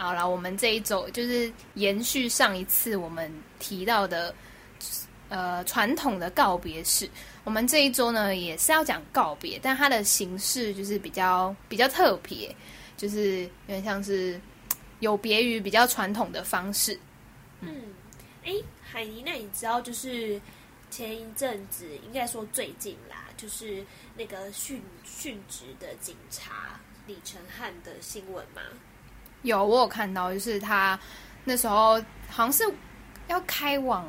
好啦，我們這一周就是延續上一次我們提到的，呃，傳統的告別式。我們這一周呢，也是要講告別，但它的形式就是比較比較特別，就是有點像是有別於比較傳統的方式。嗯，哎、欸，海霓，那你知道就是前一陣子應該說最近啦，就是那個殉殉職的警察李承翰的新聞嗎？有，我有看到，就是他那時候好像是要開往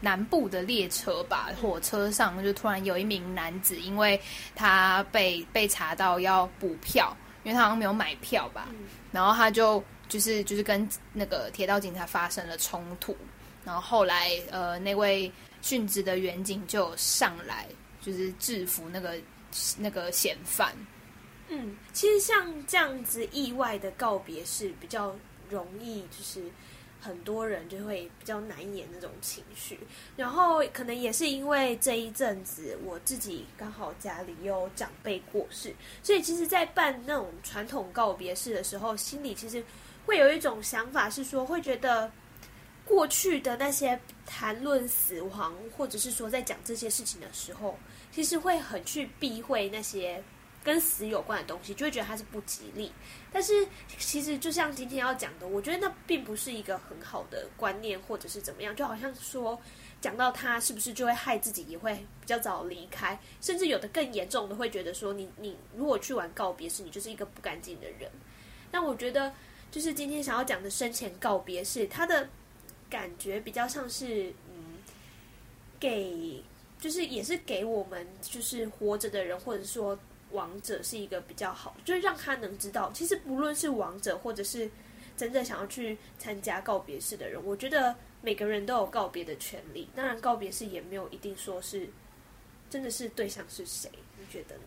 南部的列車吧，火車上就突然有一名男子，因為他被被查到要補票，因為他好像沒有買票吧，嗯、然後他就就是就是跟那個鐵道警察發生了衝突，然後後來呃那位殉職的員警就上來就是制服那個那個嫌犯。嗯，其實像這樣子意外的告別式比較容易，就是很多人就會比較難言那種情緒。然後可能也是因為這一陣子我自己剛好家裡有長輩過世，所以其實，在辦那種傳統告別式的時候，心裡其實會有一種想法，是說會覺得過去的那些談論死亡，或者是說在講這些事情的時候，其實會很去避諱那些。跟死有關的東西，就會覺得它是不吉利。但是其實，就像今天要講的，我覺得那並不是一個很好的觀念，或者是怎麼樣。就好像說，講到他是不是就會害自己，也會比較早離開，甚至有的更嚴重的會覺得說，你你如果去玩告別式，你就是一個不乾淨的人。那我覺得，就是今天想要講的生前告別式，它的感覺比較像是嗯，給就是也是給我們就是活着的人，或者說，亡者是一個比較好，就是讓他能知道，其實不論是亡者或者是真正想要去參加告別式的人，我覺得每個人都有告別的權利。當然，告別式也沒有一定說是真的是對象是誰，你覺得呢？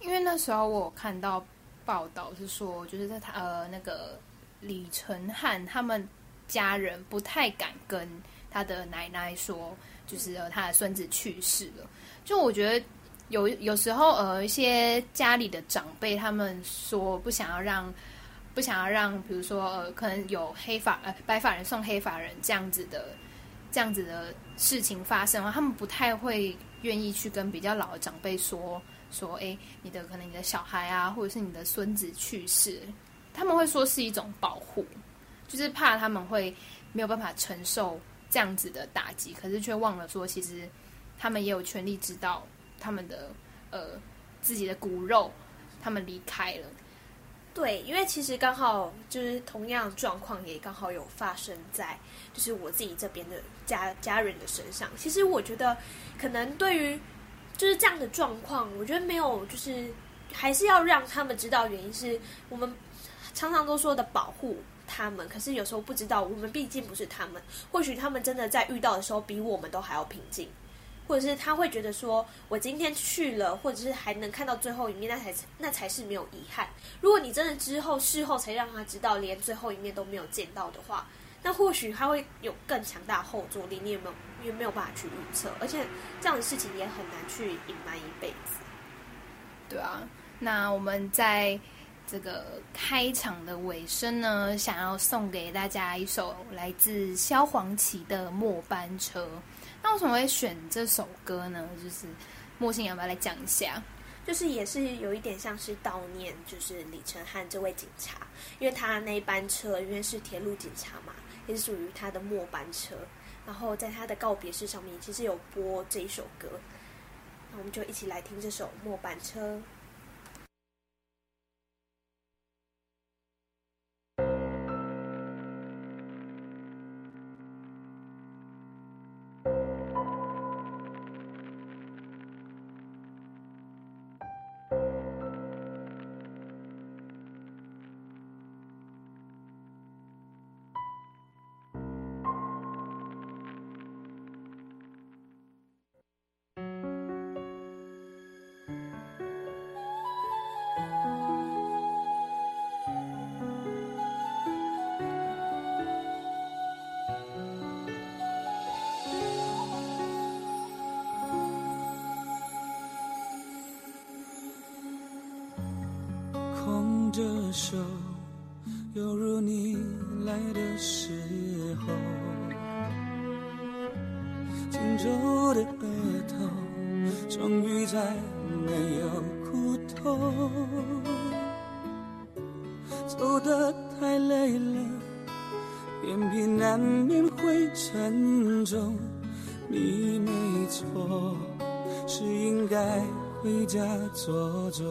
因為那時候我看到報道是說，就是在他呃那個李承翰他們家人不太敢跟他的奶奶說，就是他的孫子去世了。就我覺得。有有時候，呃，一些家裡的長輩他們說不想要讓，不想要讓，比如說呃，可能有黑髮、呃白髮人送黑髮人這樣子的，這樣子的事情發生的話，他們不太會願意去跟比較老的長輩說說，哎，你的可能你的小孩啊，或者是你的孫子去世，他們會說是一種保護，就是怕他們會沒有辦法承受這樣子的打擊，可是卻忘了說，其實他們也有權利知道。他們的呃自己的骨肉，他們離開了。對，因為其實剛好就是同樣狀況，也剛好有發生在就是我自己這邊的家家人的身上。其實我覺得，可能對於就是這樣的狀況，我覺得沒有就是還是要讓他們知道，原因是我們常常都說的保護他們，可是有時候不知道，我們畢竟不是他們，或許他們真的在遇到的時候，比我們都還要平靜。或者是他會覺得說，我今天去了，或者是還能看到最後一面，那才那才是沒有遺憾。如果你真的之後事後才讓他知道，連最後一面都沒有見到的話，那或許他會有更強大的後坐力。你也沒有，你也沒有辦法去預測，而且這樣的事情也很難去隱瞞一輩子。對啊，那我們在這個開場的尾聲呢，想要送給大家一首來自蕭煌奇的《末班車》。那為什麼會選這首歌呢？就是莫心要不要來講一下，就是也是有一點像是悼念，就是李承翰這位警察，因為他那一班車，因為是鐵路警察嘛，也是屬於他的末班車，然後在他的告別式上面，其實有播這一首歌，那我們就一起來聽這首《末班車》。手，猶如你來的時候。緊皺的額頭，終於再沒有苦痛。走得太累了，眼皮難免會沉重。你沒錯，是應該回家坐坐。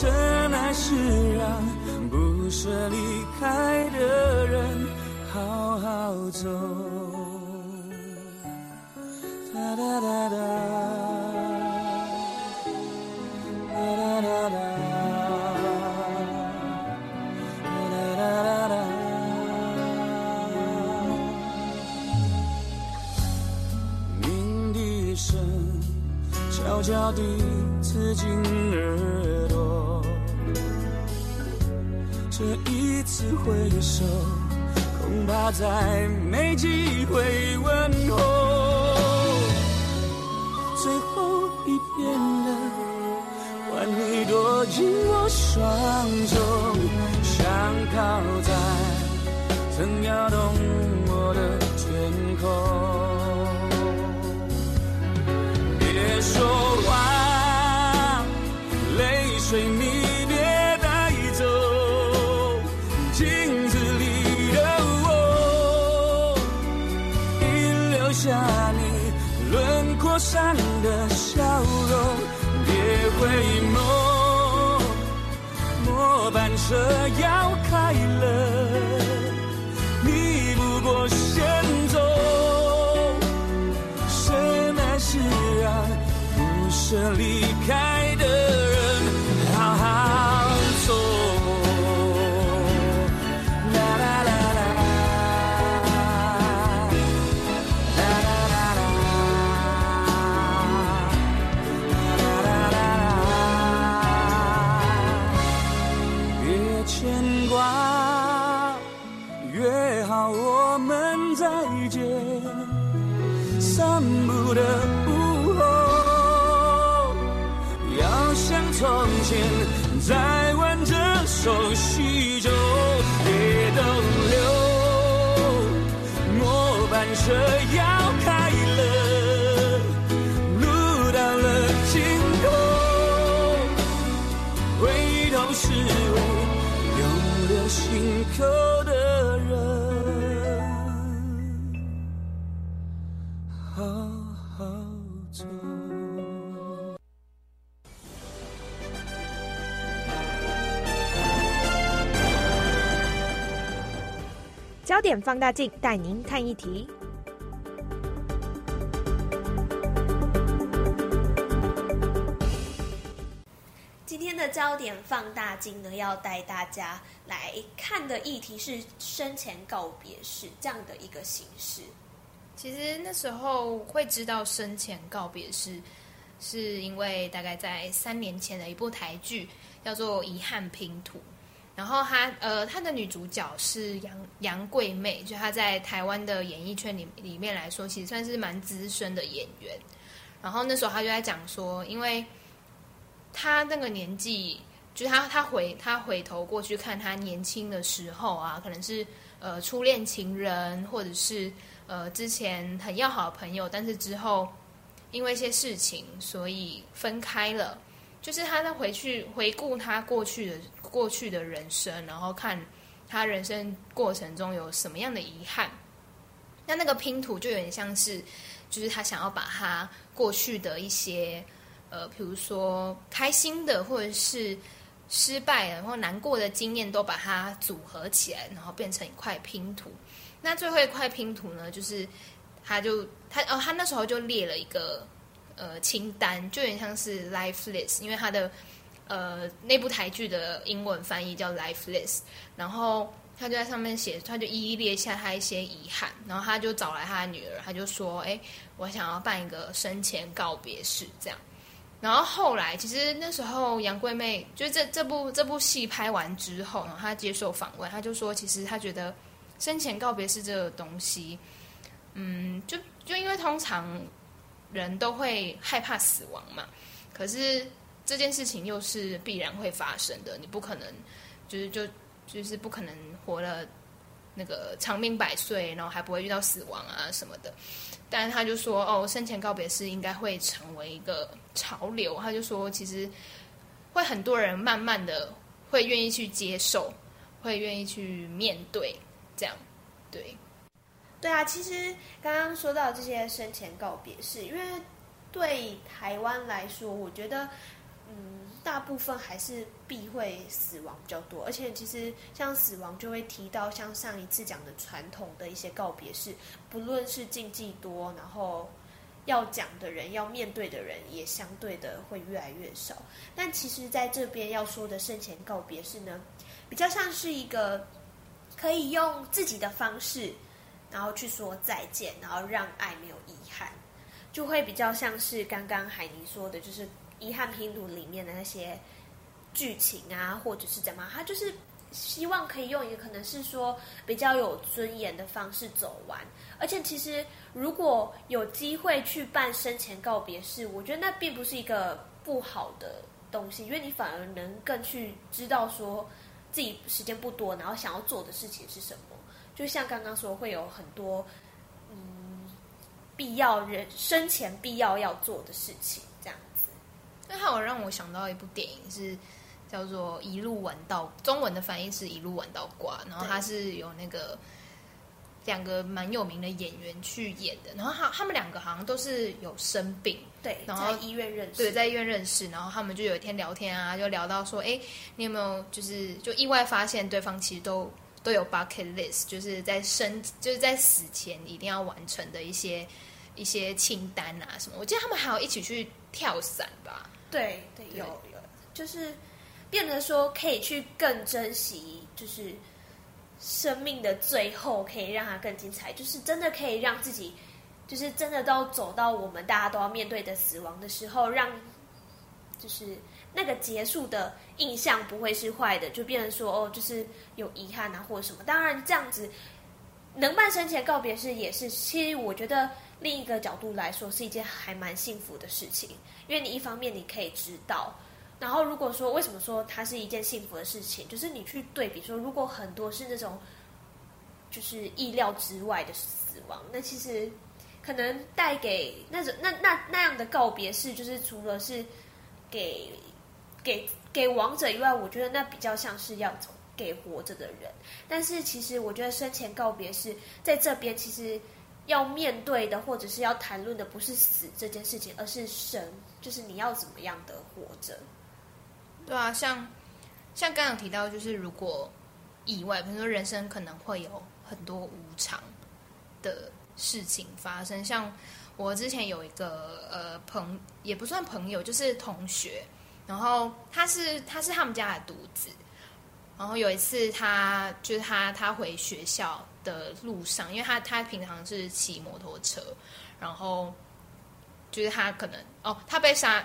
真愛是讓不捨離開的人好好走。噠噠噠噠，噠噠噠噠，噠噠噠噠噠。鳴笛聲悄悄地刺進耳。這一次揮手，恐怕再沒機會問候。最後一片了，換你躲進我雙手，想靠在曾搖動我的天空。別說。上的笑容，別回眸。末班車要開了，你不過先走。什麼是啊不捨離？車要開了，路到了盡頭，回頭是我留，留心口的人好好走。焦點放大鏡帶您看議題放大鏡呢？要帶大家來看的議題是生前告別式這樣的一個形式。其實那時候會知道生前告別式，是因為大概在三年前的一部台劇叫做《遺憾拼圖》，然後她呃，她的女主角是楊楊貴媚。就她在台灣的演藝圈裡裡面來說，其實算是蠻資深的演員。然後那時候她就在講說，因為她那個年紀。就是他，他回他回頭過去看他年輕的時候啊，可能是呃初戀情人，或者是呃之前很要好的朋友，但是之後因為一些事情，所以分開了。就是他在回去回顧他過去的過去的人生，然後看他人生過程中有什麼樣的遺憾。那那個拼圖就有點像是，就是他想要把他過去的一些呃，比如說開心的，或者是。失敗，然後難過的經驗都把它組合起來，然後變成一塊拼圖。那最後一塊拼圖呢？就是他就他哦，他那時候就列了一個呃清單，就有點像是 life list 因為他的呃那部台劇的英文翻譯叫 life list 然後他就在上面寫，他就一一列下他一些遺憾。然後他就找來他的女兒，他就說：“哎，我想要辦一個生前告別式，這樣。”然後後來，其實那時候楊貴媚，就這這部這部戲拍完之後，然後她接受訪問，她就說：“其實她覺得生前告別式這個東西，嗯，就就因為通常人都會害怕死亡嘛，可是這件事情又是必然會發生的，你不可能就是就就是不可能活了。”那個長命百歲，然後還不會遇到死亡啊什麼的，但是他就說，哦，生前告別式應該會成為一個潮流。他就說，其實會很多人慢慢的會願意去接受，會願意去面對，這樣，對，對啊。其實剛剛說到這些生前告別式，因為對台灣來說，我覺得。大部分還是避諱死亡比較多，而且其實像死亡就會提到像上一次講的傳統的一些告別式，不論是禁忌多，然後要講的人要面對的人也相對的會越來越少。但其實在這邊要說的生前告別式呢，比較像是一個可以用自己的方式，然後去說再見，然後讓愛沒有遺憾，就會比較像是剛剛海霓說的，就是。遺憾拼圖裡面的那些劇情啊，或者是怎麼，他就是希望可以用一個可能是說比較有尊嚴的方式走完。而且，其實如果有機會去辦生前告別式，我覺得那並不是一個不好的東西，因為你反而能更去知道說自己時間不多，然後想要做的事情是什麼。就像剛剛說，會有很多，嗯，必要人，生前必要要做的事情。那還有讓我想到一部電影是叫做《一路玩到》，中文的翻譯是《一路玩到掛》。然後他是有那個對兩個蠻有名的演員去演的。然後他他們兩個好像都是有生病，對。然後在醫院認識，對，在醫院認識。然後他們就有一天聊天啊，就聊到說：“哎，你有沒有就是就意外發現對方其實都都有 bucket list，就是在生就是在死前一定要完成的一些一些清單啊什麼？”我記得他們還有一起去跳傘吧。對，對，有對有，有就是變得說可以去更珍惜，就是生命的最後，可以讓它更精彩，就是真的可以讓自己，就是真的都走到我們大家都要面對的死亡的時候，讓就是那個結束的印象不會是壞的，就變得說哦，就是有遺憾啊，或者什麼。當然，這樣子能辦生前告別式也是，其實我覺得。另一個角度來說，是一件還蠻幸福的事情，因為你一方面你可以知道，然後如果說為什麼說它是一件幸福的事情，就是你去對比說，如果很多是那種就是意料之外的死亡，那其實可能帶給那種那那那樣的告別式，就是除了是給給給亡者以外，我覺得那比較像是要走給活着的人。但是其實我覺得生前告別式在這邊其實。要面對的，或者是要談論的，不是死這件事情，而是生，就是你要怎麼樣的活着。對啊，像，像剛剛有提到，就是如果意外，比如說人生可能會有很多無常的事情發生。像我之前有一個呃朋，也不算朋友，就是同學，然後他是他是他們家的獨子，然後有一次他就是他他回學校。的路上，因為他他平常是騎摩托車，然後就是他可能哦，他被殺，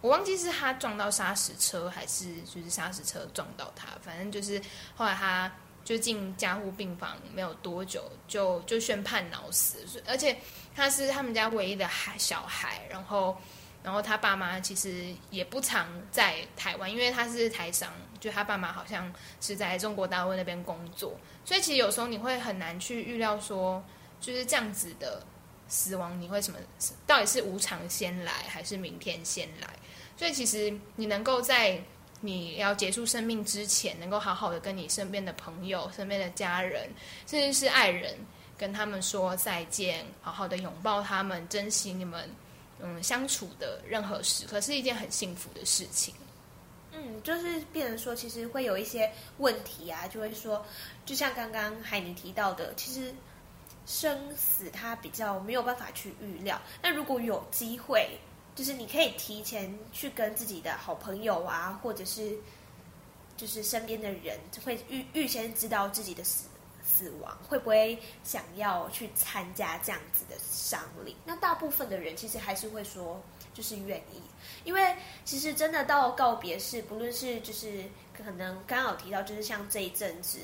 我忘記是他撞到砂石車，還是就是砂石車撞到他，反正就是後來他就進加護病房，沒有多久就就宣判腦死，所以，而且他是他們家唯一的孩小孩，然後。然後他爸媽其實也不常在台灣，因為他是台商，就他爸媽好像是在中國大陸那邊工作，所以其實有時候你會很難去預料說就是這樣子的死亡，你會什麼？到底是無常先來，還是明天先來？所以其實你能夠在你要結束生命之前，能夠好好的跟你身邊的朋友、身邊的家人，甚至是愛人，跟他們說再見，好好的擁抱他們，珍惜你們。嗯，相處的任何時刻是一件很幸福的事情。嗯，就是變成說，其實會有一些問題啊，就會說，就像剛剛海霓提到的，其實生死它比較沒有辦法去預料。那如果有機會，就是你可以提前去跟自己的好朋友啊，或者是就是身邊的人，就會預預先知道自己的死，死亡會不會想要去參加這樣子的喪禮？那大部分的人其實還是會說，就是願意，因為其實真的到告別式，不論是就是可能剛好提到，就是像這一陣子，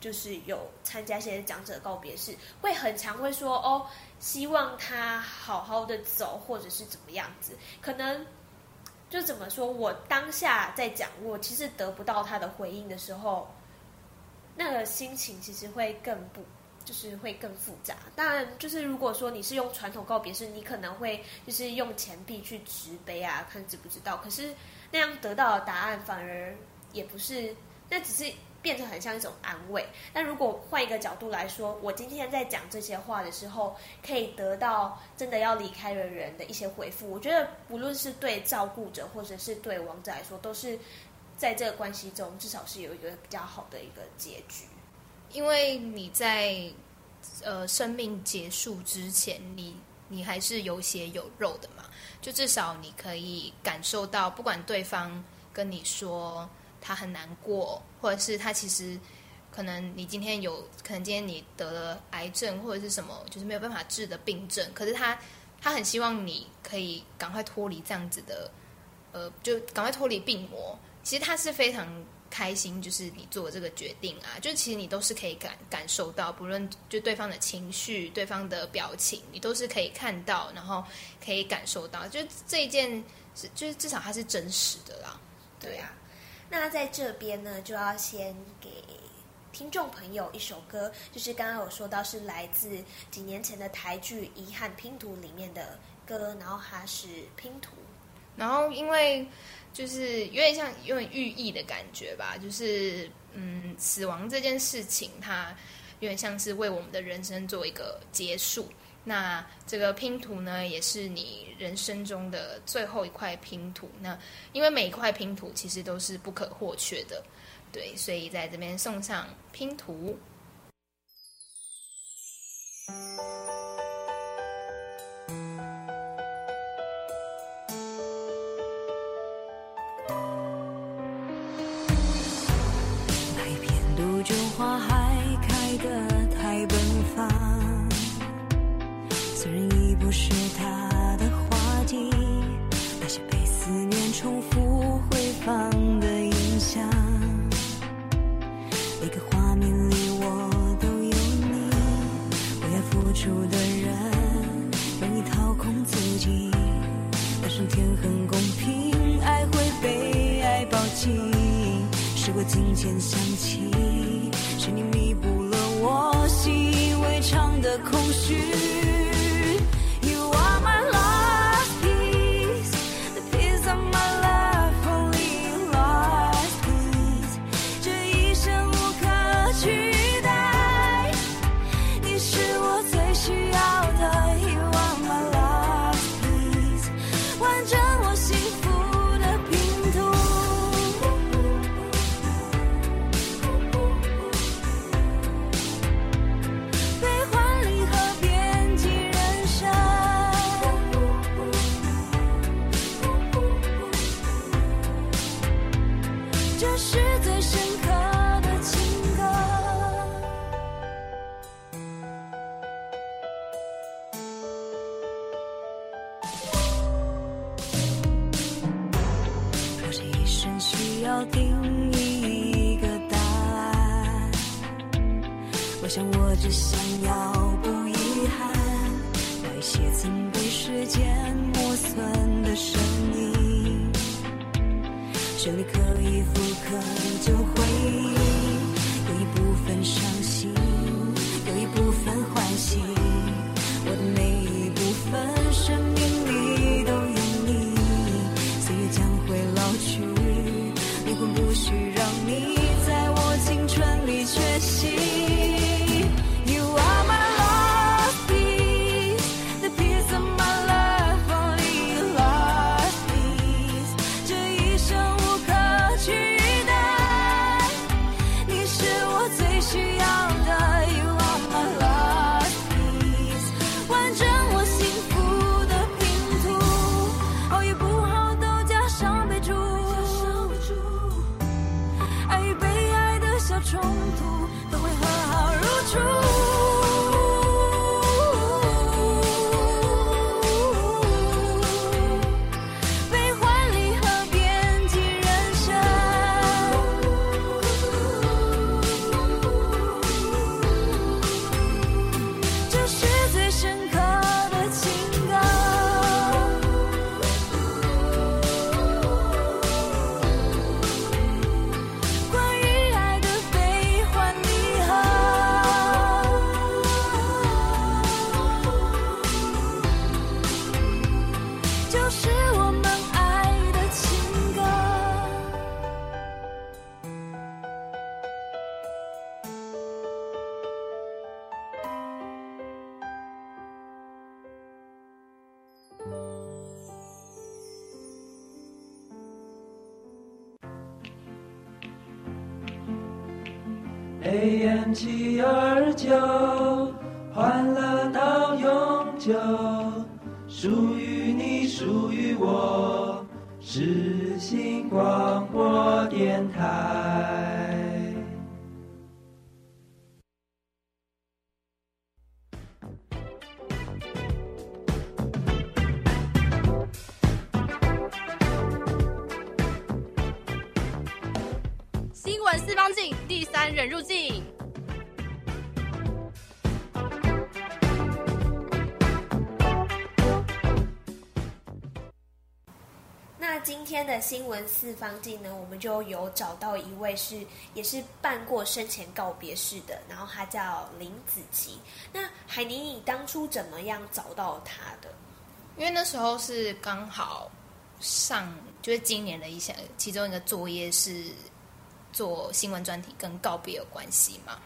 就是有參加一些講者告別式，會很常會說哦，希望他好好的走，或者是怎麼樣子，可能就怎麼說，我當下在講，我其實得不到他的回應的時候。那個心情其實會更不，就是會更複雜。當然，就是如果說你是用傳統告別式，你可能會就是用錢幣去擲杯啊，看知不知道。可是那樣得到的答案反而也不是，那只是變成很像一種安慰。但如果換一個角度來說，我今天在講這些話的時候，可以得到真的要離開的人的一些回復，我覺得無論是對照顧者或者是對亡者來說，都是。在這個關係中，至少是有一個比較好的一個結局，因為你在呃生命結束之前，你你還是有血有肉的嘛，就至少你可以感受到，不管對方跟你說他很難過，或者是他其實可能你今天有可能今天你得了癌症或者是什麼，就是沒有辦法治的病症，可是他他很希望你可以趕快脫離這樣子的，呃，就趕快脫離病魔。其實他是非常開心，就是你做這個決定啊，就其實你都是可以感感受到，不論就對方的情緒、對方的表情，你都是可以看到，然後可以感受到，就這一件是，就是至少它是真實的啦。對啊，那在這邊呢，就要先給聽眾朋友一首歌，就是剛剛有說到是來自幾年前的台劇《遺憾拼圖》裡面的歌，然後它是拼圖，然後因為。就是有點像有點寓意的感覺吧，就是嗯，死亡這件事情它有點像是為我們的人生做一個結束。那這個拼圖呢，也是你人生中的最後一塊拼圖。那因為每一塊拼圖其實都是不可或缺的，對，所以在這邊送上拼圖。 花還開得太奔放，雖然已不是他的花季，那些被思念重複回放的影像，每個畫面裡我都有你。為愛付出的人，容易掏空自己，但是天很公平，愛會被愛抱緊。時過境遷，想起。習以為常的空虛。只想要不遺憾，那些曾被時間磨損的聲音。旋律可以複刻舊回憶，有一部分傷心，有一部分歡喜。我的每一部分生命裡都有你，歲月將會老去，靈魂不許讓你在我青春裡缺席。就歡樂到永久，屬於你，屬於我，世新廣播電臺。新聞四方鏡，第三人入境。今天的新聞四方鏡呢，我們就有找到一位是也是辦過生前告別式的，然後他叫林子期。那海霓，你當初怎麼樣找到他的？因為那時候是剛好上，就是今年的一些其中一個作業是做新聞專題跟告別有關係嘛。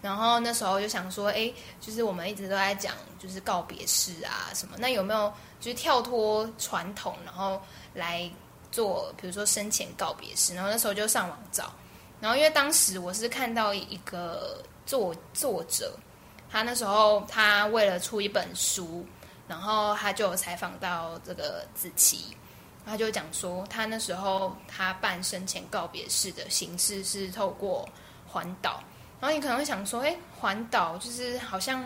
然後那時候就想說，哎、欸，就是我們一直都在講，就是告別式啊什麼，那有沒有就是跳脫傳統，然後來。做，比如說生前告別式，然後那時候就上網找，然後因為當時我是看到一個作作者，他那時候他為了出一本書，然後他就有採訪到這個子期，他就講說他那時候他辦生前告別式的形式是透過環島，然後你可能會想說，哎、欸，環島就是好像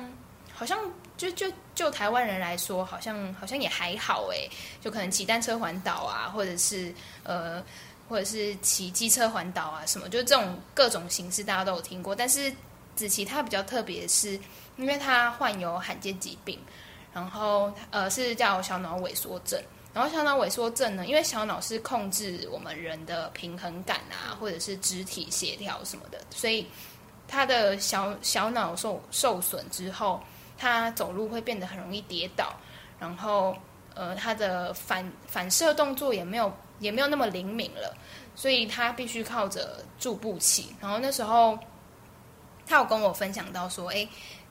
好像。就就就台灣人來說，好像好像也還好欸，就可能騎單車環島啊，或者是呃，或者是騎機車環島啊，什麼就這種各種形式，大家都有聽過。但是子期他比較特別，是因為他患有罕見疾病，然後呃是叫小腦萎縮症。然後小腦萎縮症呢，因為小腦是控制我們人的平衡感啊，或者是肢體協調什麼的，所以他的小小腦受受損之後。他走路會變得很容易跌倒，然後呃，他的反反射動作也沒有也沒有那麼靈敏了，所以他必須靠着助步器。然後那時候他有跟我分享到說，誒，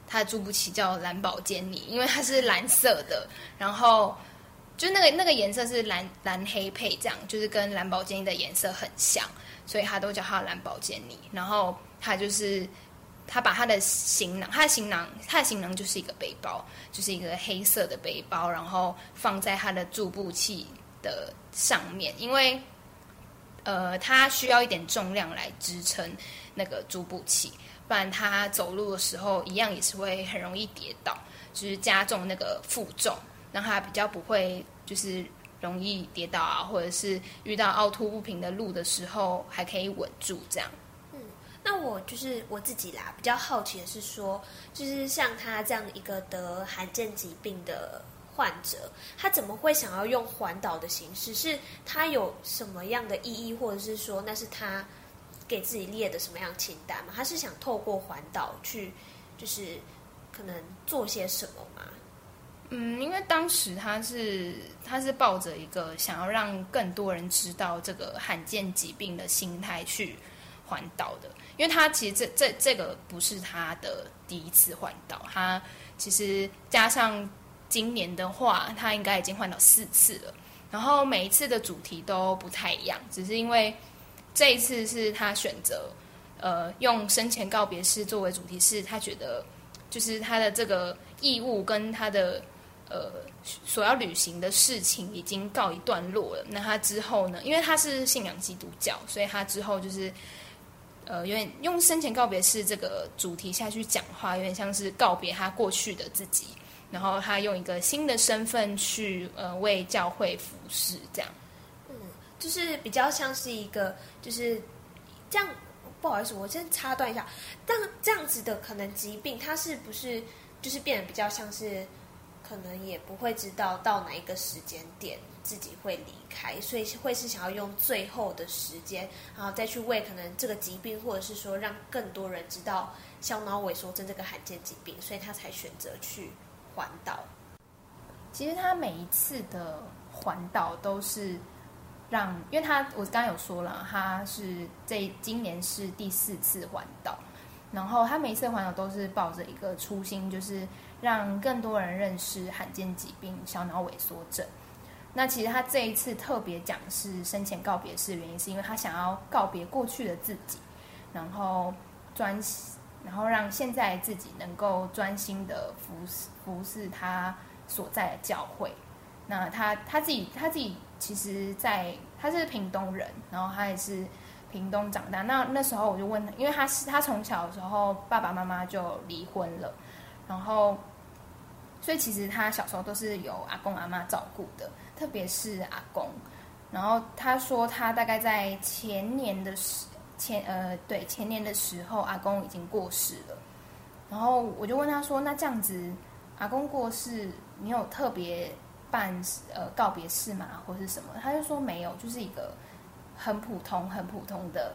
他助步器叫藍寶堅尼，因為它是藍色的，然後就那個那個顏色是藍藍黑配，這樣就是跟藍寶堅尼的顏色很像，所以他都叫他藍寶堅尼。然後他就是。他把他的行囊，他的行囊，他的行囊就是一個背包，就是一個黑色的背包，然後放在他的助步器的上面，因為呃，他需要一點重量來支撐那個助步器，不然他走路的時候一樣也是會很容易跌倒，就是加重那個負重，讓他比較不會就是容易跌倒啊，或者是遇到凹凸不平的路的時候還可以穩住這樣。那我就是我自己啦，比較好奇的是說，就是像他這樣一個得罕見疾病的患者，他怎麼會想要用環島的形式？是他有什麼樣的意義，或者是說那是他給自己列的什麼樣的清單嗎？他是想透過環島去，就是可能做些什麼嗎？嗯，因為當時他是他是抱着一個想要讓更多人知道這個罕見疾病的心態去環島的。因為他其實這這這個不是他的第一次環島，他其實加上今年的話，他應該已經環島四次了。然後每一次的主題都不太一樣，只是因為這一次是他選擇呃用生前告別式作為主題，是他覺得就是他的這個義務跟他的呃所要履行的事情已經告一段落了。那他之後呢？因為他是信仰基督教，所以他之後就是。呃，有點用生前告別式這個主題下去講話，有點像是告別他過去的自己，然後他用一個新的身份去呃為教會服侍，這樣。嗯，就是比較像是一個，就是這樣。不好意思，我先插斷一下。這樣這樣子的可能疾病，它是不是就是變得比較像是，可能也不會知道到哪一個時間點。自己會離開，所以會是想要用最後的時間，然後再去為可能這個疾病，或者是說讓更多人知道小腦萎縮症這個罕見疾病，所以他才選擇去環島。其實他每一次的環島都是讓，因為他我剛剛有說了，他是這今年是第四次環島，然後他每一次環島都是抱着一個初心，就是讓更多人認識罕見疾病小腦萎縮症。那其實他這一次特別講是生前告別式的原因，是因為他想要告別過去的自己，然後專心，然後讓現在自己能夠專心的服侍服侍他所在的教會。那他他自己他自己其實在，在他是屏東人，然後他也是屏東長大。那那時候我就問他，因為他是他從小的時候爸爸媽媽就離婚了，然後所以其實他小時候都是由阿公阿嬤照顧的。特別是阿公，然後他說他大概在前年的時前呃對，前年的時候阿公已經過世了，然後我就問他說，那這樣子阿公過世你有特別辦呃告別式嗎？或是什麼？他就說沒有，就是一個很普通很普通的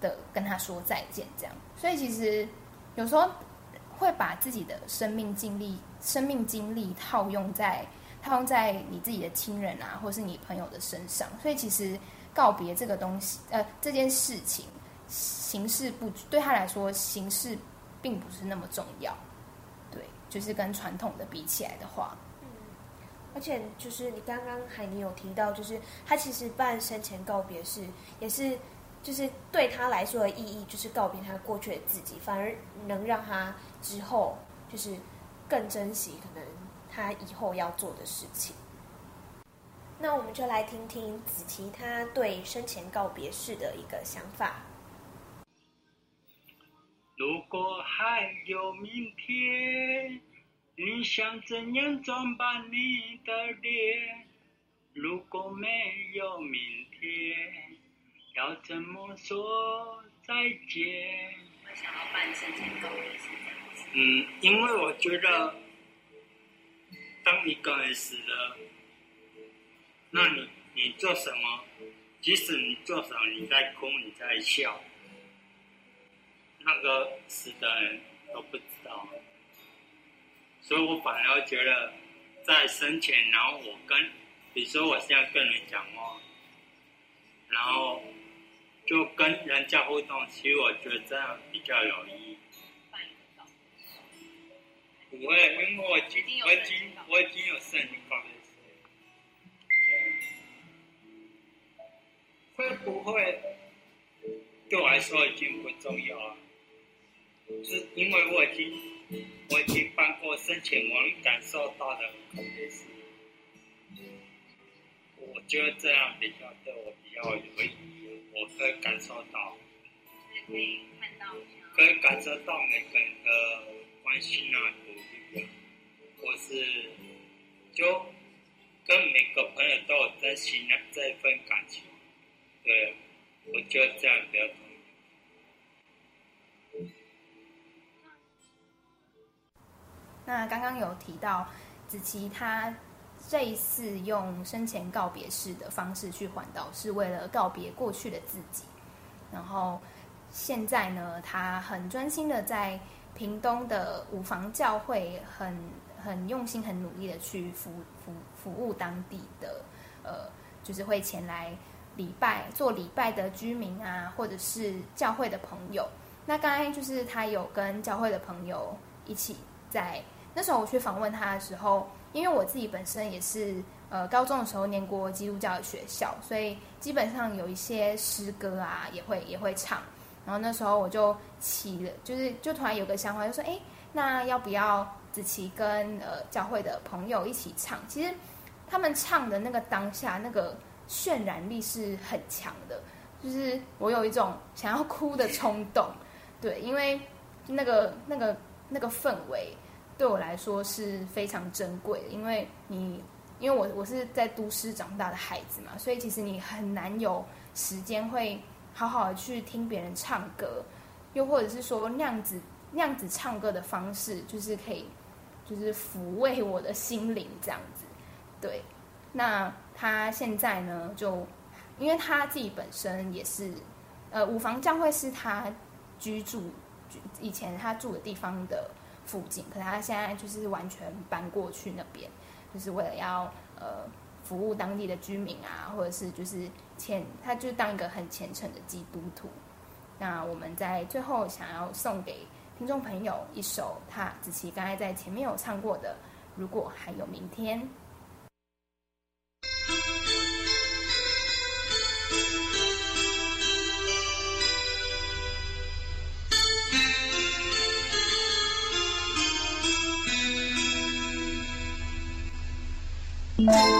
的跟他說再見這樣。所以其實有時候會把自己的生命經歷生命經歷套用在。放在你自己的親人啊，或是你朋友的身上，所以其實告別這個東西，呃，這件事情形式不，對他來說形式並不是那麼重要，對，就是跟傳統的比起來的話，嗯，而且就是你剛剛海霓有提到，就是他其實辦生前告別式也是就是對他來說的意義，就是告別他過去的自己，反而能讓他之後就是更珍惜可能。他以後要做的事情，那我們就來聽聽子期他對生前告別式的一個想法。如果還有明天，你想怎樣裝扮你的臉？如果沒有明天，要怎麼說再見？我想要辦生前告別式。嗯，因為我覺得。當一個人死了，那你你做什麼？即使你做什麼，你在哭，你在笑，那個死的人都不知道。所以我反而覺得，在生前，然後我跟，比如說我現在跟你講話，然後就跟人家互動，其實我覺得這樣比較有意義。不會，因為我已經，已經有我已經，我已經有生前告別式了。會不會對我來說已經不重要了？是因為我已經，我已經辦過生前告別式，我能感受到的肯定是。我覺得這樣比較對我比較有意義，我可以感受到。可以感受看到。可以感受到每個人的關心啊。我是，就跟每個朋友都有珍惜這份感情，對，我就這樣比較。那剛剛有提到子期，他這一次用生前告別式的方式去環島，是為了告別過去的自己。然後現在呢，他很專心的在屏東的五房教會很。很用心、很努力的去服服服務當地的，呃，就是會前來禮拜做禮拜的居民啊，或者是教會的朋友。那剛才就是他有跟教會的朋友一起在那時候我去訪問他的時候，因為我自己本身也是呃高中的時候念過基督教的學校，所以基本上有一些詩歌啊也會也會唱。然後那時候我就起了，就是就突然有個想法，就說：哎、欸，那要不要？子期跟呃教會的朋友一起唱。其實他們唱的那個當下那個渲染力，是很強的，就是我有一種想要哭的衝動， 對，因為那個那個那個氛圍對我來說是非常珍貴的，因為你因為我我是在都市長大的孩子嘛，所以其實你很難有時間會好好的去聽別人唱歌，又或者是說那樣子那樣子唱歌的方式，就是可以。就是撫慰我的心靈這樣子，對。那他現在呢，就因為他自己本身也是，呃，五房教會是他居住以前他住的地方的附近，可他現在就是完全搬過去那邊，就是為了要呃服務當地的居民啊，或者是就是前，他就當一個很虔誠的基督徒。那我們在最後想要送給。聽眾朋友，一首他子期剛才在前面有唱過的《如果還有明天》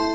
嗯。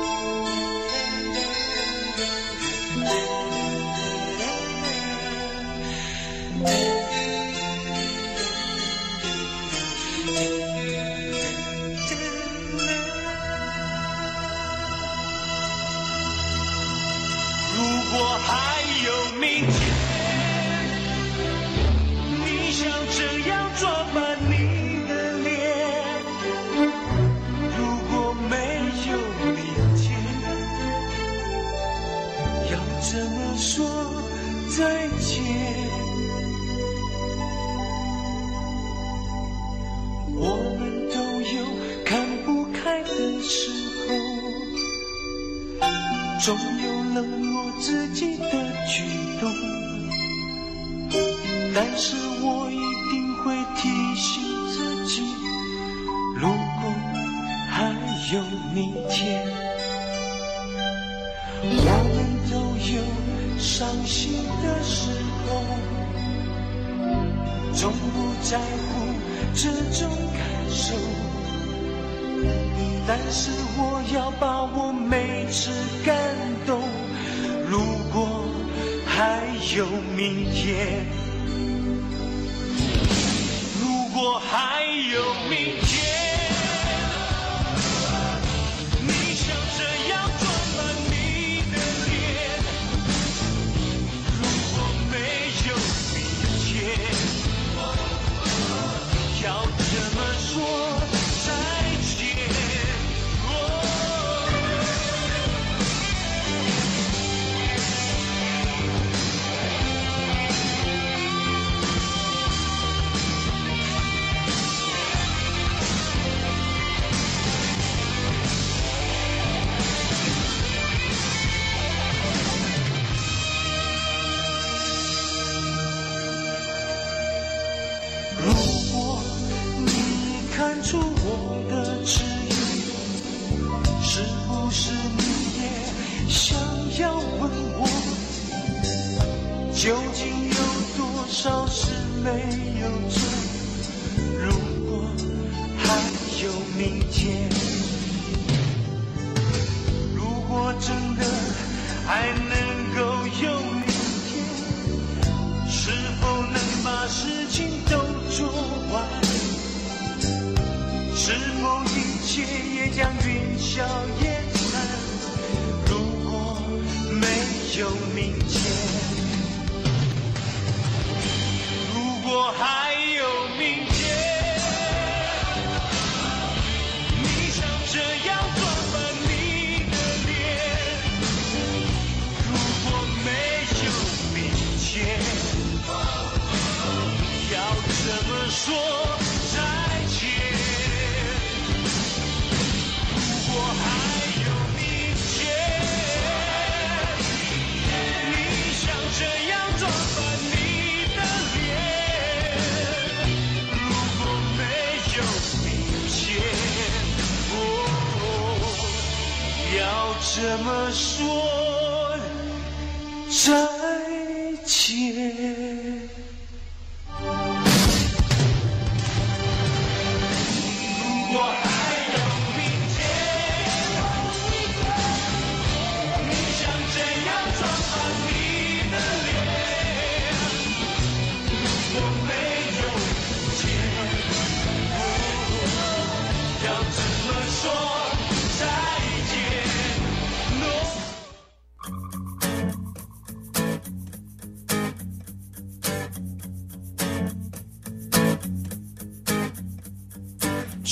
明天，如果還有明天。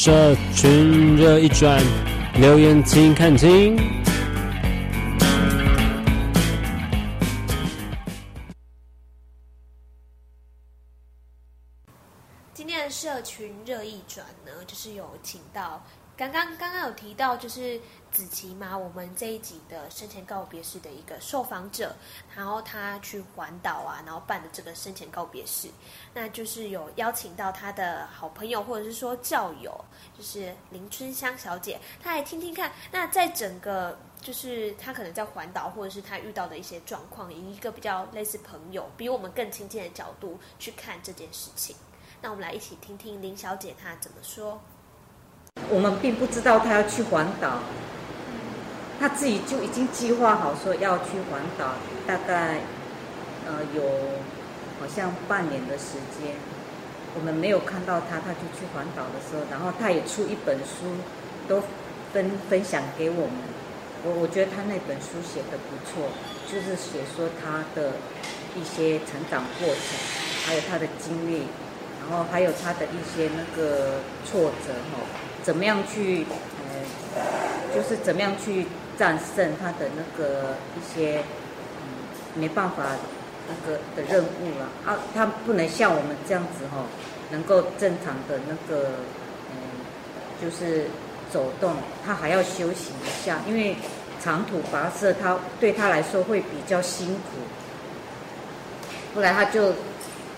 社群熱議轉，留言請看清。今天的社群熱議轉呢，就是有請到剛剛剛剛有提到，就是。子期嘛，我們這一集的生前告別式的一個受訪者，然後他去環島啊，然後辦的這個生前告別式，那就是有邀請到他的好朋友或者是說教友，就是林春香小姐，她來聽聽看。那在整個就是他可能在環島或者是他遇到的一些狀況，以一個比較類似朋友比我們更親近的角度去看這件事情。那我們來一起聽聽林小姐她怎麼說。我們並不知道他要去環島。他自己就已經計劃好說要去環島，大概呃有好像半年的時間。我們沒有看到他，他就去環島的時候，然後他也出一本書，都分分享給我們。我我覺得他那本書寫得不錯，就是寫說他的一些成長過程，還有他的經歷，然後還有他的一些那個挫折哈、哦，怎麼樣去呃，就是怎麼樣去。戰勝他的那個一些嗯，沒辦法那個的任務了啊，啊，他不能像我們這樣子哦，能夠正常的那個嗯，就是走動，他還要休息一下，因為長途跋涉他對他來說會比較辛苦，後來他就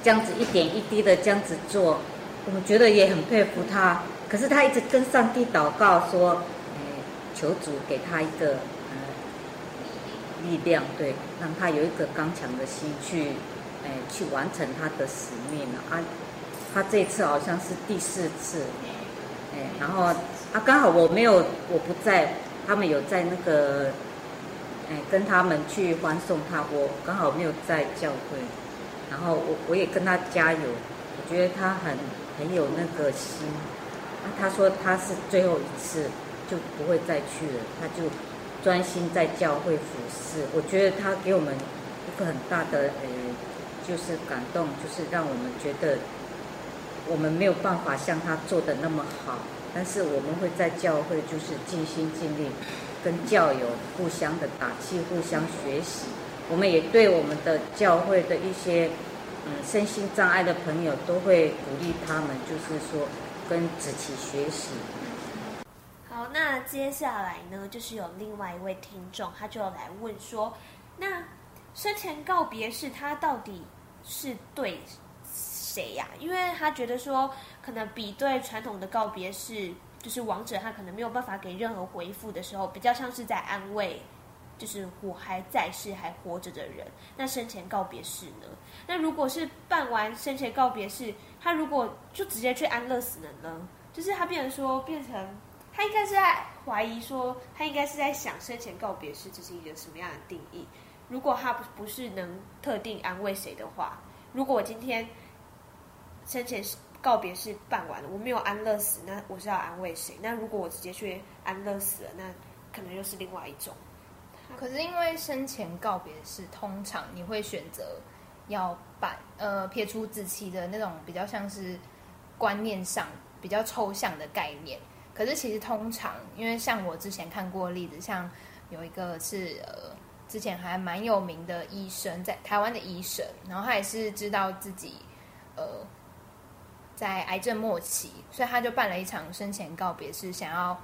這樣子一點一滴的這樣子做，我們覺得也很佩服他，可是他一直跟上帝禱告說。求主給他一個呃、嗯、力量，對，讓他有一個剛強的心去，哎，去完成他的使命了啊！他這次好像是第四次，哎，然後啊，剛好我沒有，我不在，他們有在那個、哎，跟他們去歡送他，我剛好沒有在教會，然後我我也跟他加油，我覺得他很很有那個心、啊，他說他是最後一次。就不會再去了，他就專心在教會服侍。我覺得他給我們一個很大的呃，就是感動，就是讓我們覺得我們沒有辦法像他做的那麼好，但是我們會在教會就是盡心盡力，跟教友互相的打氣，互相學習。我們也對我們的教會的一些嗯身心障礙的朋友都會鼓勵他們，就是說跟子期學習。那接下來呢，就是有另外一位聽眾，他就要來問說：“那生前告別式，他到底是對誰呀？因為他覺得說，可能比對傳統的告別式，就是亡者，他可能沒有辦法給任何回復的時候，比較像是在安慰，就是我還在世，還活着的人。那生前告別式呢？那如果是辦完生前告別式，他如果就直接去安樂死了呢？就是他變成說，變成？”他應該是在懷疑說，他應該是在想生前告別式這是一個什麼樣的定義？如果他不不是能特定安慰誰的話，如果我今天生前告別式辦完了，我沒有安樂死，那我是要安慰誰？那如果我直接去安樂死了，那可能又是另外一種。可是因為生前告別式通常你會選擇要辦，呃，撇出自欺的那種比較像是觀念上比較抽象的概念。可是其實通常，因為像我之前看過例子，像有一個是呃，之前還蠻有名的醫生，在台灣的醫生，然後他也是知道自己呃在癌症末期，所以他就辦了一場生前告別式，想要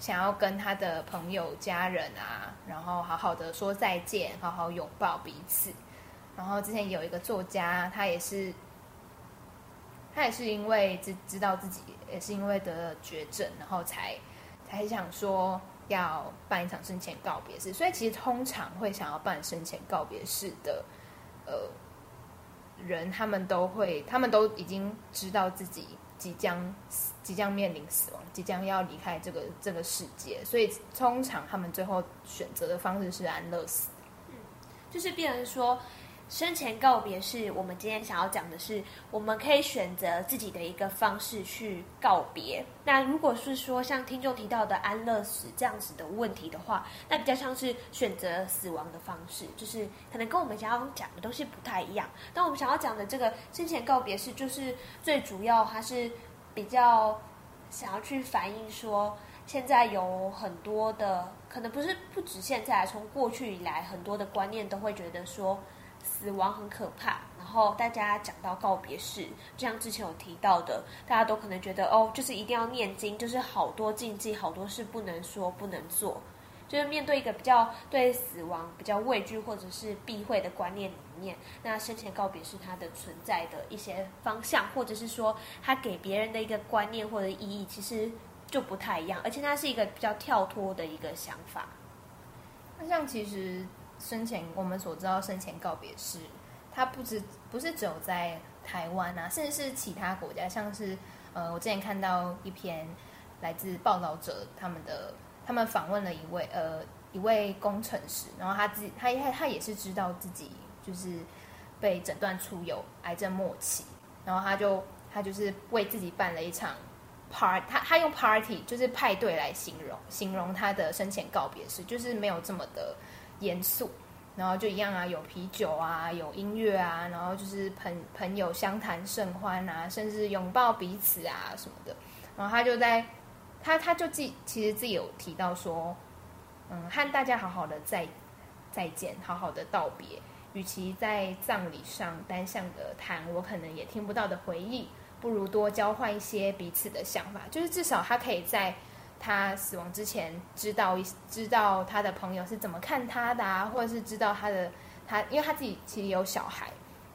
想要跟他的朋友、家人啊，然後好好的說再見，好好擁抱彼此。然後之前有一個作家，他也是。他也是因為知知道自己，也是因為得了絕症，然後才才想說要辦一場生前告別式。所以，其實通常會想要辦生前告別式的，呃，人他們都會，他們都已經知道自己即將即將面臨死亡，即將要離開這個這個世界，所以通常他們最後選擇的方式是安樂死。嗯，就是變成說。生前告別式，我們今天想要講的是，是我們可以選擇自己的一個方式去告別。那如果是說像聽眾提到的安樂死這樣子的問題的話，那比較像是選擇死亡的方式，就是可能跟我們想要講的東西不太一樣。但我們想要講的這個生前告別式、就是，就是最主要，它是比較想要去反映說，現在有很多的，可能不是不止現在，從過去以來，很多的觀念都會覺得說。死亡很可怕，然後大家講到告別式，就像之前有提到的，大家都可能覺得哦，就是一定要念經，就是好多禁忌，好多事不能說不能做，就是面對一個比較對死亡比較畏懼或者是避諱的觀念裡面。那生前告別式它的存在的一些方向，或者是說它給別人的一個觀念或者意義，其實就不太一樣，而且它是一個比較跳脫的一個想法。那像其實。生前我們所知道生前告別式，他不止不是只有在台灣啊，甚至是其他國家，像是呃，我之前看到一篇來自報道者他們的，他們訪問了一位呃一位工程師，然後他自他他他也是知道自己就是被診斷出有癌症末期，然後他就他就是為自己辦了一場 part，他他用 party 就是派對來形容形容他的生前告別式，就是沒有這麼的。嚴肅，然後就一樣啊，有啤酒啊，有音樂啊，然後就是朋朋友相談甚歡啊，甚至擁抱彼此啊什麼的。然後他就在他他就自其實自己有提到說，嗯，和大家好好的再再見，好好的道別。與其在葬禮上單向的談我可能也聽不到的回憶，不如多交換一些彼此的想法。就是至少他可以在。他死亡之前知道一知道他的朋友是怎麼看他的啊，或者是知道他的他，因為他自己其實有小孩，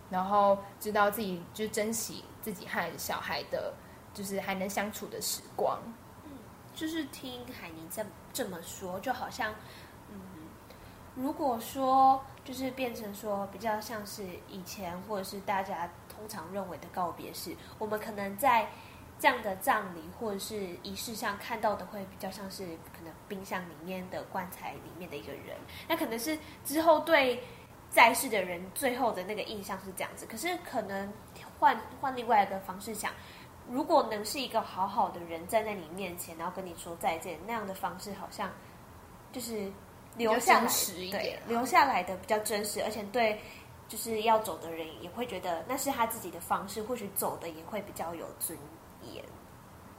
然後知道自己就珍惜自己和小孩的，就是還能相處的時光。嗯，就是聽海霓這麼這麼說，就好像，嗯，如果說就是變成說比較像是以前或者是大家通常認為的告別式，是我們可能在。這樣的葬禮或者是儀式上看到的，會比較像是可能冰箱裡面的棺材裡面的一個人。那可能是之後對在世的人最後的那個印象是這樣子。可是可能換換另外一個方式想，如果能是一個好好的人站在你面前，然後跟你說再見，那樣的方式好像就是留下來真實一點。對，留下來的比較真實，而且對就是要走的人也會覺得那是他自己的方式，或許走的也會比較有尊嚴。演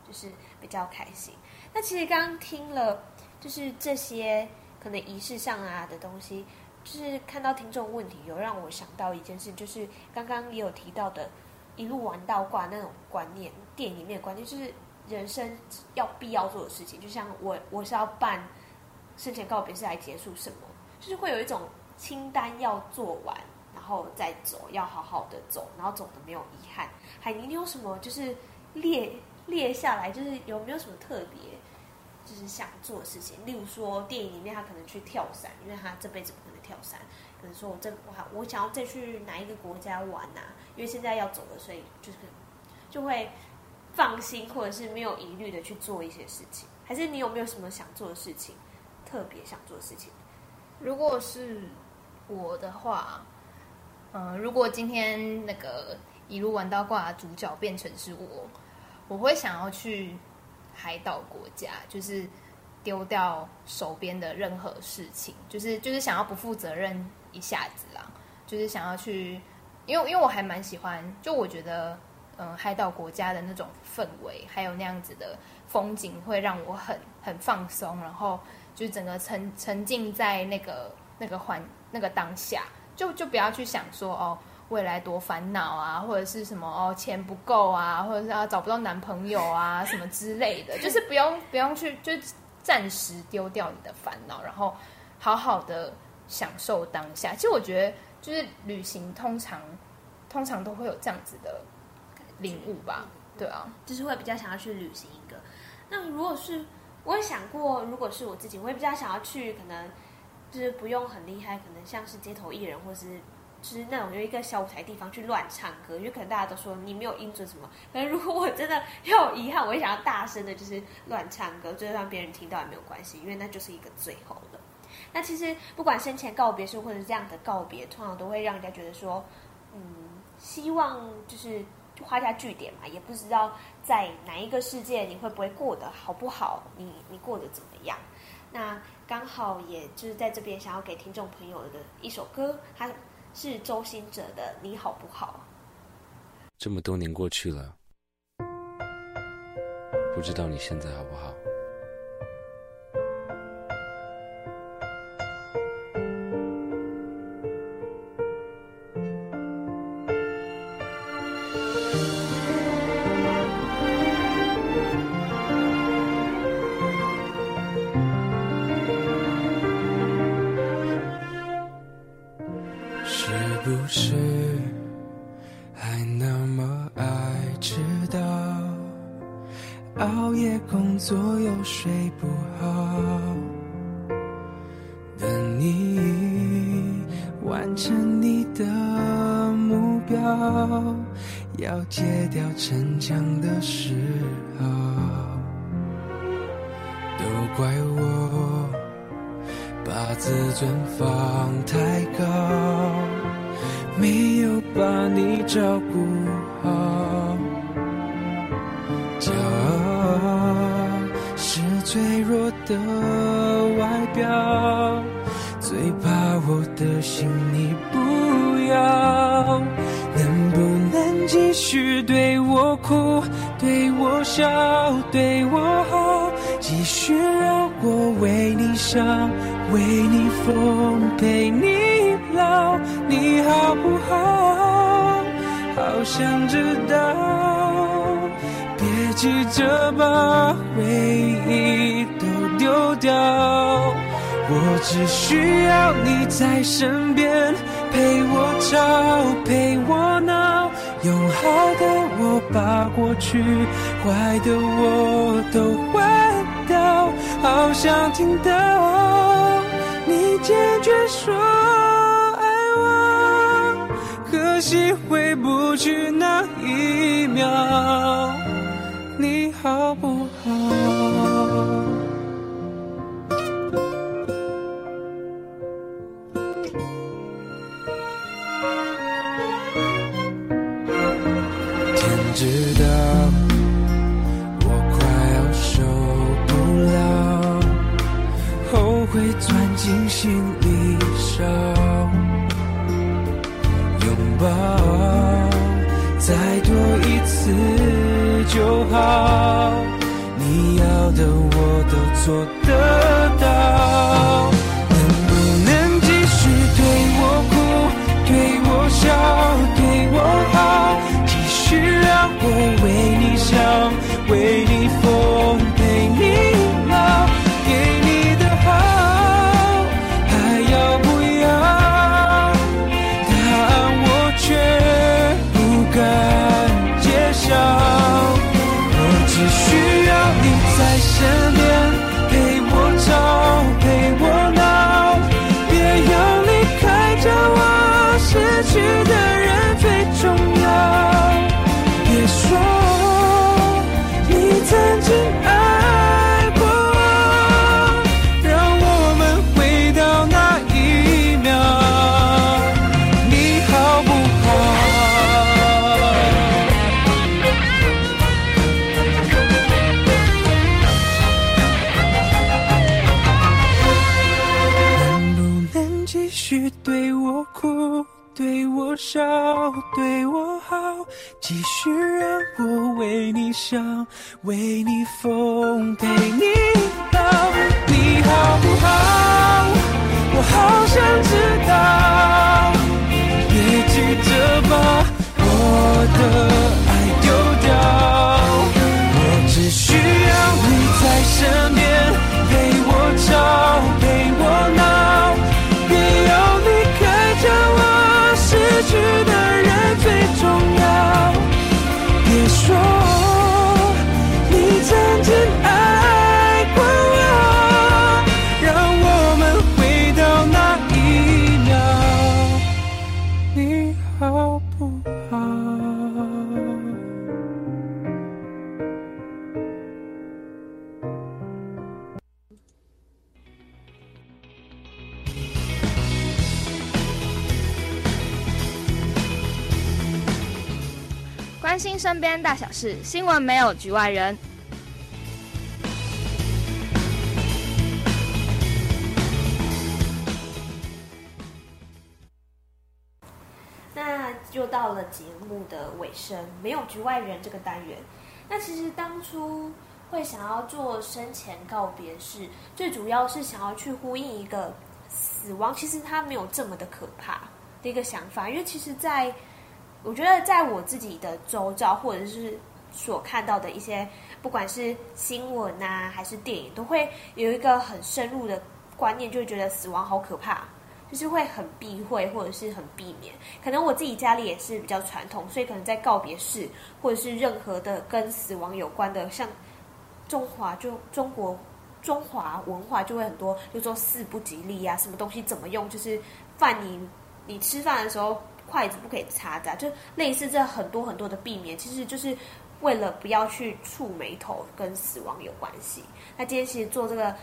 就是比較開心。那其實剛剛聽了，就是這些可能儀式上啊的東西，就是看到聽眾問題，有讓我想到一件事，就是剛剛也有提到的，一路玩到掛那種觀念，電影裡面的觀念，就是人生要必要做的事情。就像我，我是要辦生前告別式來結束什麼，就是會有一種清單要做完，然後再走，要好好的走，然後走的沒有遺憾。海霓，你有什麼就是？列列下來，就是有沒有什麼特別，就是想做的事情？例如說，電影裡面他可能去跳傘，因為他這輩子不可能跳傘。可能說，我這，我，我想要再去哪一個國家玩啊？因為現在要走了，所以就是就會放心或者是沒有疑慮的去做一些事情。還是你有沒有什麼想做的事情，特別想做的事情？如果是我的話，嗯、呃，如果今天那個。一路玩到掛，主角變成是我，我會想要去海島國家，就是丟掉手邊的任何事情，就是就是想要不負責任一下子啦，就是想要去，因為因為我還蠻喜歡，就我覺得，嗯，海島國家的那種氛圍，還有那樣子的風景，會讓我很很放鬆，然後就是整個沉沉浸在那個那個環那個當下，就就不要去想說哦。未來多煩惱啊，或者是什麼、哦、錢不夠啊，或者是、啊、找不到男朋友啊， 什麼之類的，就是不用不用去，就暫時丟掉你的煩惱，然後好好的享受當下。其實我覺得，就是旅行通常通常都會有這樣子的領悟吧，嗯、對啊，就是會比較想要去旅行一個。那如果是我也想過，如果是我自己，我也比較想要去，可能就是不用很厲害，可能像是街頭藝人，或是。就是那種有一個小舞台地方去亂唱歌，因為可能大家都說你沒有音準什麼。可能如果我真的有遺憾，我也想要大聲的，就是亂唱歌，就讓別人聽到也沒有關係，因為那就是一個最後的。那其實不管生前告別式或者這樣的告別，通常都會讓人家覺得說，嗯，希望就是畫下句點嘛，也不知道在哪一個世界你會不會過得好不好，你你過得怎麼樣？那剛好也就是在這邊想要給聽眾朋友的一首歌，他是周興哲的你好不好？這麼多年過去了，不知道你現在好不好。壞的我都換掉，好想聽到你堅決說愛我，可惜回不去那。新聞沒有局外人，那就到了節目的尾聲，沒有局外人這個單元。那其實當初會想要做生前告別式，最主要是想要去呼應一個死亡，其實它沒有這麼的可怕的一個想法。因為其實在，在我覺得，在我自己的周遭或者是。所看到的一些，不管是新聞吶、啊，還是電影，都會有一個很深入的觀念，就會覺得死亡好可怕，就是會很避諱或者是很避免。可能我自己家裡也是比較傳統，所以可能在告別式或者是任何的跟死亡有關的，像中華就中國中華文化就會很多，就說死不吉利啊，什麼東西怎麼用，就是飯你你吃飯的時候，筷子不可以插着、啊，就類似這很多很多的避免，其實就是。為了不要去觸眉頭，跟死亡有關係。那今天其實做這個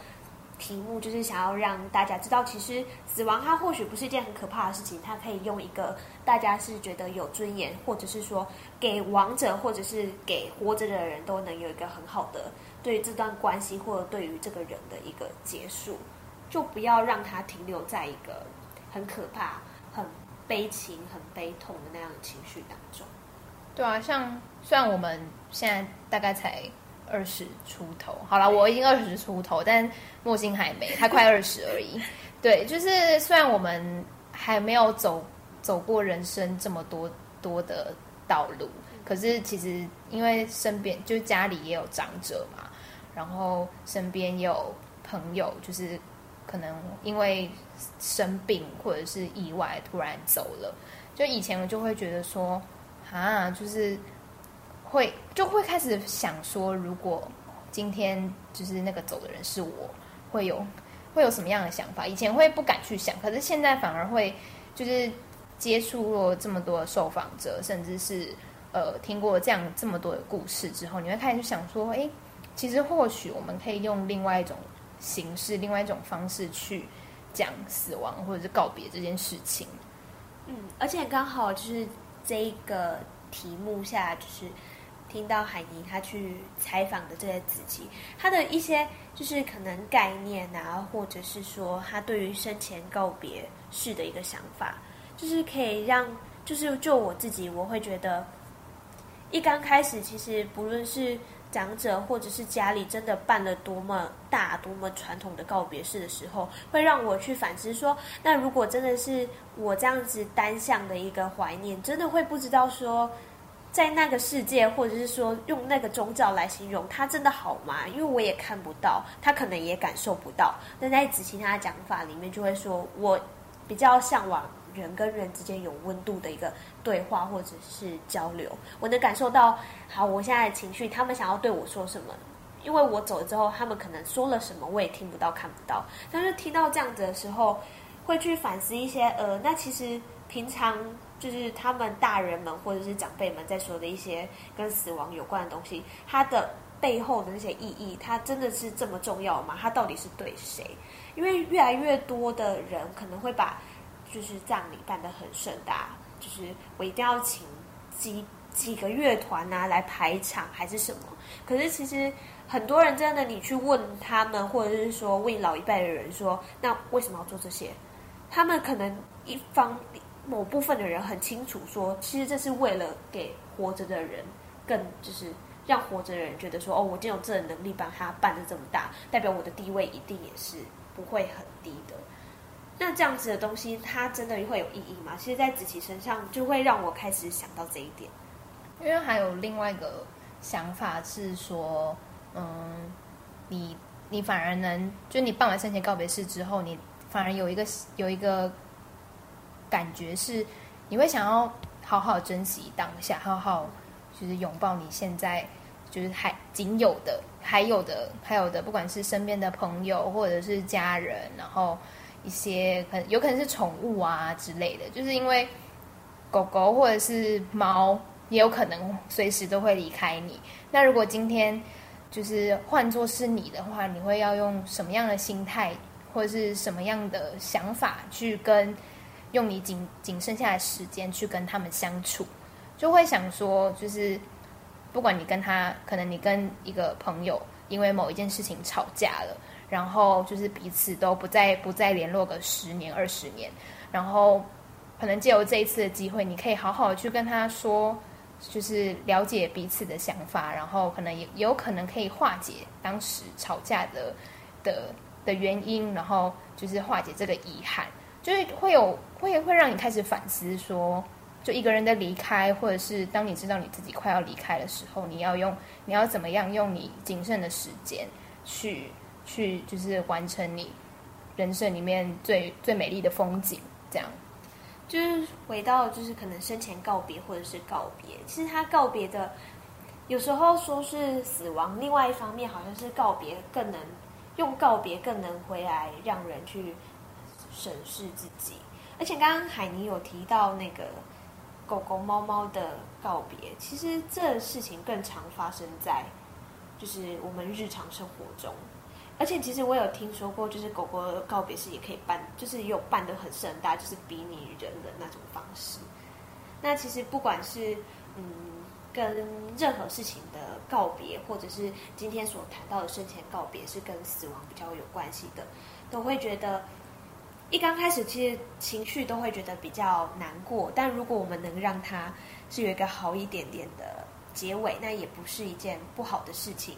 題目，就是想要讓大家知道，其實死亡它或許不是一件很可怕的事情，它可以用一個大家是覺得有尊嚴，或者是說給亡者或者是給活着的人都能有一個很好的對於這段關係或者對於這個人的一個結束，就不要讓它停留在一個很可怕、很悲情、很悲痛的那樣的情緒當中。對啊，像雖然我們現在大概才二十出頭，好了，我已經二十出頭，但莫心還沒，他快二十而已。 對，就是雖然我們還沒有走走過人生這麼多多的道路，可是其實因為身邊就是家裡也有長者嘛，然後身邊也有朋友，就是可能因為生病或者是意外突然走了，就以前我就會覺得說。啊，就是會就會開始想說，如果今天就是那個走的人是我，會有會有什麼樣的想法？以前會不敢去想，可是現在反而會就是接觸過這麼多的受訪者，甚至是呃聽過這樣這麼多的故事之後，你會開始想說，哎，其實或許我們可以用另外一種形式、另外一種方式去講死亡或者是告別這件事情。嗯，而且剛好就是。這一個題目下，就是聽到海霓他去採訪的這些子期，他的一些就是可能概念啊，或者是說他對於生前告別式的一個想法，就是可以讓，就是就我自己，我會覺得一剛開始，其實不論是。長者，或者是家裡真的辦了多麼大、多麼傳統的告別式的時候，會讓我去反思說：那如果真的是我這樣子單向的一個懷念，真的會不知道說，在那個世界，或者是說用那個宗教來形容，他真的好嗎？因為我也看不到，他可能也感受不到。那在子期他的講法裡面，就會說我比較向往。人跟人之間有溫度的一個對話或者是交流，我能感受到，好，我現在的情緒，他們想要對我說什麼？因為我走了之後，他們可能說了什麼，我也聽不到、看不到。但是聽到這樣子的時候，會去反思一些，呃，那其實平常就是他們大人們或者是長輩們在說的一些跟死亡有關的東西，它的背後的那些意義，它真的是這麼重要嗎？它到底是對誰？因為越來越多的人可能會把。就是葬禮辦得很盛大，就是我一定要請幾幾個樂團啊來排場還是什麼。可是其實很多人真的，你去問他們，或者是說問老一輩的人說，那為什麼要做這些？他們可能一方某部分的人很清楚說，說其實這是為了給活着的人，更就是讓活着的人覺得說，哦，我竟有這種能力幫他辦得這麼大，代表我的地位一定也是不會很低的。那這樣子的東西，它真的會有意義嗎？其實，在子期身上，就會讓我開始想到這一點。因為還有另外一個想法是說，嗯，你你反而能，就你辦完生前告別式之後，你反而有一個有一個感覺是，你會想要好好珍惜當下，好好就是擁抱你現在就是還僅有的、還有的、還有的，不管是身邊的朋友或者是家人，然後。一些可能有可能是寵物啊之類的，就是因為狗狗或者是貓，也有可能隨時都會離開你。那如果今天就是換做是你的話，你會要用什麼樣的心態或者是什麼樣的想法去跟用你僅僅剩下的時間去跟他們相處？就會想說，就是不管你跟他，可能你跟一個朋友因為某一件事情吵架了。然後就是彼此都不再不再聯絡個十年二十年，然後可能借由這一次的機會，你可以好好的去跟他說，就是了解彼此的想法，然後可能也有可能可以化解當時吵架的的的原因，然後就是化解這個遺憾，就是會有會會讓你開始反思說，說就一個人的離開，或者是當你知道你自己快要離開的時候，你要用你要怎麼樣用你僅剩的時間去。去就是完成你人生裡面最最美麗的風景。這樣就是回到就是可能生前告別或者是告別，其實他告別的有時候說是死亡，另外一方面好像是告別更能用告別更能回來讓人去審視自己。而且剛剛海霓有提到那個狗狗貓貓的告別，其實這事情更常發生在就是我們日常生活中。而且其實我有聽說過，就是狗狗告別式也可以辦，就是也有辦得很盛大，就是比擬人的那種方式。那其實不管是嗯跟任何事情的告別，或者是今天所談到的生前告別，是跟死亡比較有關係的，都會覺得一剛開始其實情緒都會覺得比較難過。但如果我們能讓它是有一個好一點點的結尾，那也不是一件不好的事情。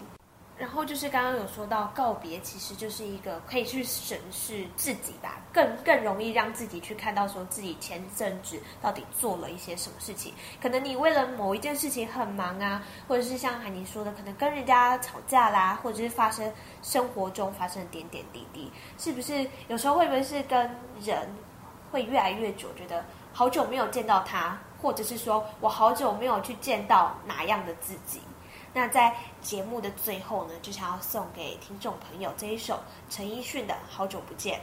然後就是剛剛有說到告別，其實就是一個可以去審視自己吧，更更容易讓自己去看到說自己前陣子到底做了一些什麼事情。可能你為了某一件事情很忙啊，或者是像海霓說的，可能跟人家吵架啦，或者是發生生活中發生的點點滴滴，是不是有時候會不會是跟人會越來越久，覺得好久沒有見到他，或者是說我好久沒有去見到哪樣的自己？那在節目的最後呢，就想要送給聽眾朋友這一首陳奕迅的《好久不見》。